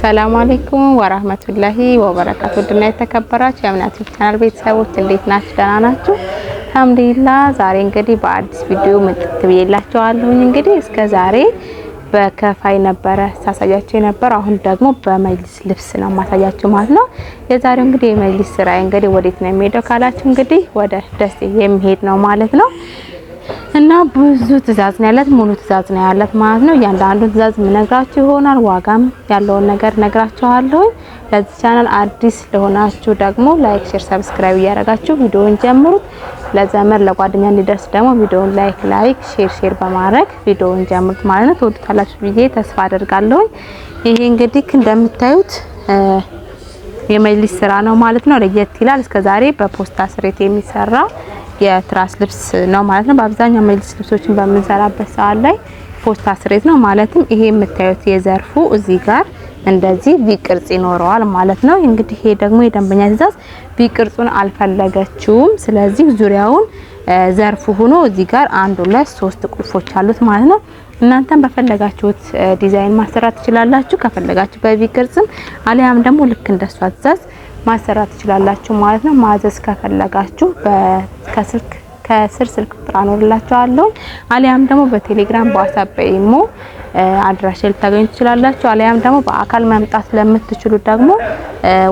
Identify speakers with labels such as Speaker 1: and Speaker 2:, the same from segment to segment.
Speaker 1: ሰላም አለይኩም ወራህመቱላሂ ወበረካቱ። ድና የተከበራችሁ የእምነት ቻናል ቤተሰቦች እንዴት ናችሁ? ደህና ናችሁ? አልሐምዱሊላህ። ዛሬ እንግዲህ በአዲስ ቪዲዮ መጥቼ ብያላችኋለሁኝ። እንግዲህ እስከ ዛሬ በከፋይ ነበረ ሳሳያቸው የነበረ አሁን ደግሞ በመጅሊስ ልብስ ነው ማሳያቸው ማለት ነው። የዛሬው እንግዲህ የመጅሊስ ስራ እንግዲህ ወዴት ነው የሚሄደው ካላችሁ እንግዲህ ወደ ደሴ የሚሄድ ነው ማለት ነው። እና ብዙ ትእዛዝ ነው ያለት፣ ሙሉ ትእዛዝ ነው ያላት ማለት ነው። እያንዳንዱን ትእዛዝ የምነግራችሁ ይሆናል። ዋጋም ያለውን ነገር ነግራችኋለሁ። ለዚህ ቻናል አዲስ ለሆናችሁ ደግሞ ላይክ፣ ሼር፣ ሰብስክራይብ እያደረጋችሁ ቪዲዮውን ጀምሩት። ለዘመድ ለጓደኛ እንዲደርስ ደግሞ ቪዲዮውን ላይክ ላይክ ሼር ሼር በማድረግ ቪዲዮውን ጀምሩት ማለት ነው። ትወዱታላችሁ ብዬ ተስፋ አደርጋለሁ። ይሄ እንግዲህ እንደምታዩት የመጅሊስ ስራ ነው ማለት ነው። ለየት ይላል። እስከዛሬ በፖስታ ስሬት የሚሰራ የትራስ ልብስ ነው ማለት ነው። በአብዛኛው መልስ ልብሶችን በምንሰራበት ሰዓት ላይ ፖስታ ስሬት ነው ማለትም፣ ይሄ የምታዩት የዘርፉ እዚህ ጋር እንደዚህ ቪ ቅርጽ ይኖረዋል ማለት ነው። እንግዲህ ይሄ ደግሞ የደንበኛ ትእዛዝ ቪ ቅርጹን አልፈለገችውም። ስለዚህ ዙሪያውን ዘርፉ ሆኖ እዚህ ጋር አንድ ሁለት ሶስት ቁልፎች አሉት ማለት ነው። እናንተም በፈለጋችሁት ዲዛይን ማሰራት ትችላላችሁ። ከፈለጋችሁ በቪ ቅርጽም አሊያም ደግሞ ልክ እንደሷ ትእዛዝ ማሰራት ትችላላችሁ ማለት ነው። ማዘዝ ከፈለጋችሁ ከስልክ ከስር ስልክ ቁጥር አኖርላችኋለሁ አሊያም ደግሞ በቴሌግራም በዋትስአፕ በኢሞ አድራሻ ልታገኙ ትችላላችሁ። አሊያም ደግሞ በአካል መምጣት ለምትችሉ ደግሞ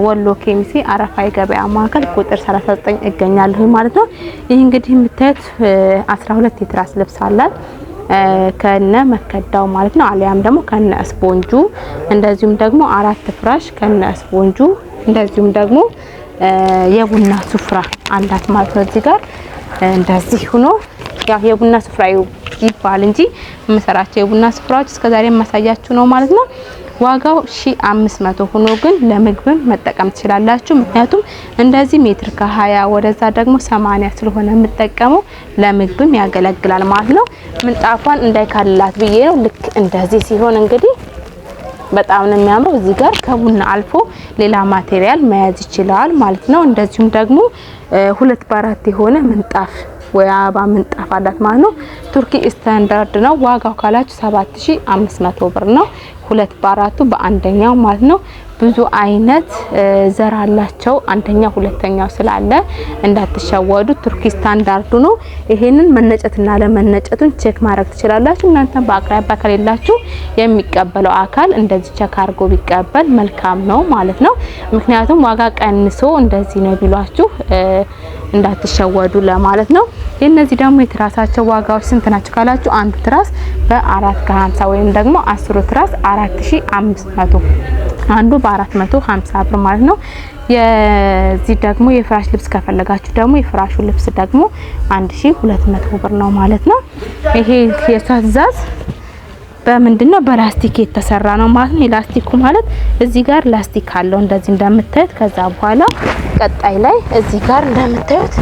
Speaker 1: ወሎ ኬሚሴ አረፋይ ገበያ ማዕከል ቁጥር 39 እገኛለሁ ማለት ነው። ይህ እንግዲህ የምታዩት 12 የትራስ ልብስ አላት ከነ መከዳው ማለት ነው። አሊያም ደግሞ ከነ ስፖንጁ እንደዚሁም ደግሞ አራት ፍራሽ ከነ ስፖንጁ እንደዚሁም ደግሞ የቡና ሱፍራ አላት ማለት ነው። እዚህ ጋር እንደዚህ ሆኖ ያው የቡና ሱፍራ ይባል እንጂ የምሰራቸው የቡና ስፍራዎች እስከዛሬ የማሳያችሁ ነው ማለት ነው። ዋጋው ሺ አምስት መቶ ሆኖ ግን ለምግብም መጠቀም ትችላላችሁ። ምክንያቱም እንደዚህ ሜትር ከሀያ ወደዛ ደግሞ ሰማንያ ስለሆነ የምጠቀመው ለምግብም ያገለግላል ማለት ነው። ምንጣፏን እንዳይካልላት ብዬ ነው። ልክ እንደዚህ ሲሆን እንግዲህ በጣም ነው የሚያምረው። እዚህ ጋር ከቡና አልፎ ሌላ ማቴሪያል መያዝ ይችላል ማለት ነው። እንደዚሁም ደግሞ ሁለት በአራት የሆነ ምንጣፍ ወይ አበባ ምንጣፍ አላት ማለት ነው። ቱርኪ ስታንዳርድ ነው። ዋጋው ካላችሁ 7500 ብር ነው። ሁለት በአራቱ በአንደኛው ማለት ነው። ብዙ አይነት ዘር አላቸው። አንደኛ ሁለተኛው ስላለ እንዳትሸወዱ። ቱርኪ ስታንዳርዱ ነው። ይሄንን መነጨትና ለመነጨቱን ቼክ ማድረግ ትችላላችሁ። እናንተ በአቅራቢያ ከሌላችሁ የሚቀበለው አካል እንደዚህ ቼክ አድርጎ ቢቀበል መልካም ነው ማለት ነው። ምክንያቱም ዋጋ ቀንሶ እንደዚህ ነው ቢሏችሁ እንዳትሸወዱ ለማለት ነው። የነዚህ ደግሞ የትራሳቸው ዋጋዎች ስንት ናቸው ካላችሁ አንዱ ትራስ በ4 ከ50 ወይም ደግሞ አስሩ ትራስ 4500 አንዱ በ450 ብር ማለት ነው። የዚህ ደግሞ የፍራሽ ልብስ ከፈለጋችሁ ደግሞ የፍራሹ ልብስ ደግሞ 1200 ብር ነው ማለት ነው። ይሄ የእሷ ትእዛዝ በምንድነው በላስቲክ የተሰራ ነው ማለት ነው። የላስቲኩ ማለት እዚህ ጋር ላስቲክ አለው እንደዚህ እንደምታዩት። ከዛ በኋላ ቀጣይ ላይ እዚህ ጋር እንደምታዩት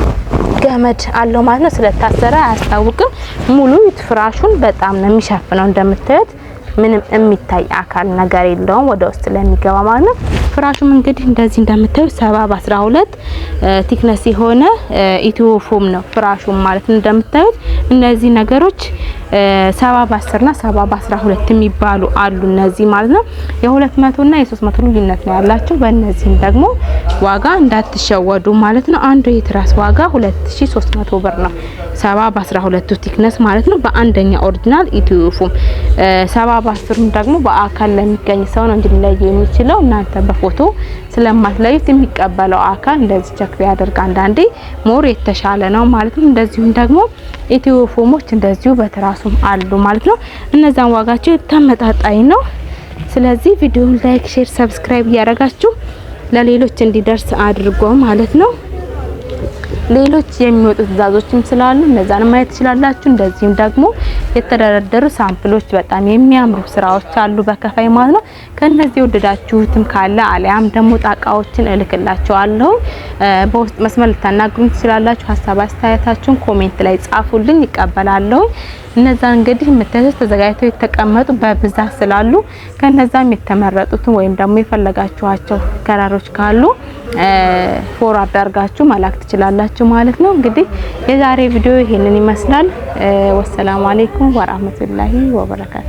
Speaker 1: ገመድ አለው ማለት ነው። ስለታሰረ አያስታውቅም። ሙሉ ፍራሹን በጣም ነው የሚሸፍነው እንደምታዩት ምንም የሚታይ አካል ነገር የለውም ወደ ውስጥ ለሚገባ ማለት ነው። ፍራሹም እንግዲህ እንደዚህ እንደምታዩ ሰባ በአስራ ሁለት ቲክነስ የሆነ ፎም ነው ፍራሹም ማለት ነው። እንደምታዩት እነዚህ ነገሮች ሰባ በ10 እና ሰባ በ12 የሚባሉ አሉ። እነዚህ ማለት ነው የሁለት 200 እና የ መቶ ልዩነት ነው ያላቸው። በእነዚህም ደግሞ ዋጋ እንዳትሸወዱ ማለት ነው። አንዱ የትራስ ዋጋ 2300 ብር ነው። ሰባ በ12 ቲክነስ ማለት ነው። በአንደኛ ኦሪጂናል ኢትዮፉም ሰባ በ10 ደግሞ በአካል ለሚገኝ ሰው ነው እንዲለየ የሚችለው እናንተ በፎቶ ስለማትለዩት የሚቀበለው አካል እንደዚህ ቸክ ቢያደርግ አንዳንዴ ሞር የተሻለ ነው ማለት ነው። እንደዚሁም ደግሞ ኢትዮፎሞች እንደዚሁ በትራሱ የሚደርሱም አሉ ማለት ነው። እነዛን ዋጋቸው ተመጣጣኝ ነው። ስለዚህ ቪዲዮውን ላይክ፣ ሼር፣ ሰብስክራይብ እያደረጋችሁ ለሌሎች እንዲደርስ አድርጎ ማለት ነው። ሌሎች የሚወጡ ትዕዛዞችም ስላሉ እነዛን ማየት ትችላላችሁ። እንደዚህም ደግሞ የተደረደሩ ሳምፕሎች በጣም የሚያምሩ ስራዎች አሉ በከፋይ ማለት ነው። ከነዚህ የወደዳችሁትም ካለ አሊያም ደግሞ ጣቃዎችን እልክላችኋለሁ። በውስጥ መስመር ልታናግሩኝ ትችላላችሁ። ሀሳብ አስተያየታችሁን ኮሜንት ላይ ጻፉልኝ፣ ይቀበላለሁ። እነዛ እንግዲህ የምታዩት ተዘጋጅተው የተቀመጡ በብዛት ስላሉ ከነዛም የተመረጡትን ወይም ደግሞ የፈለጋችኋቸው ከራሮች ካሉ ፎርዋርድ አድርጋችሁ መላክ ትችላላችሁ ማለት ነው። እንግዲህ የዛሬ ቪዲዮ ይሄንን ይመስላል። ወሰላሙ አሌይኩም ወራህመቱላሂ ወበረካቱ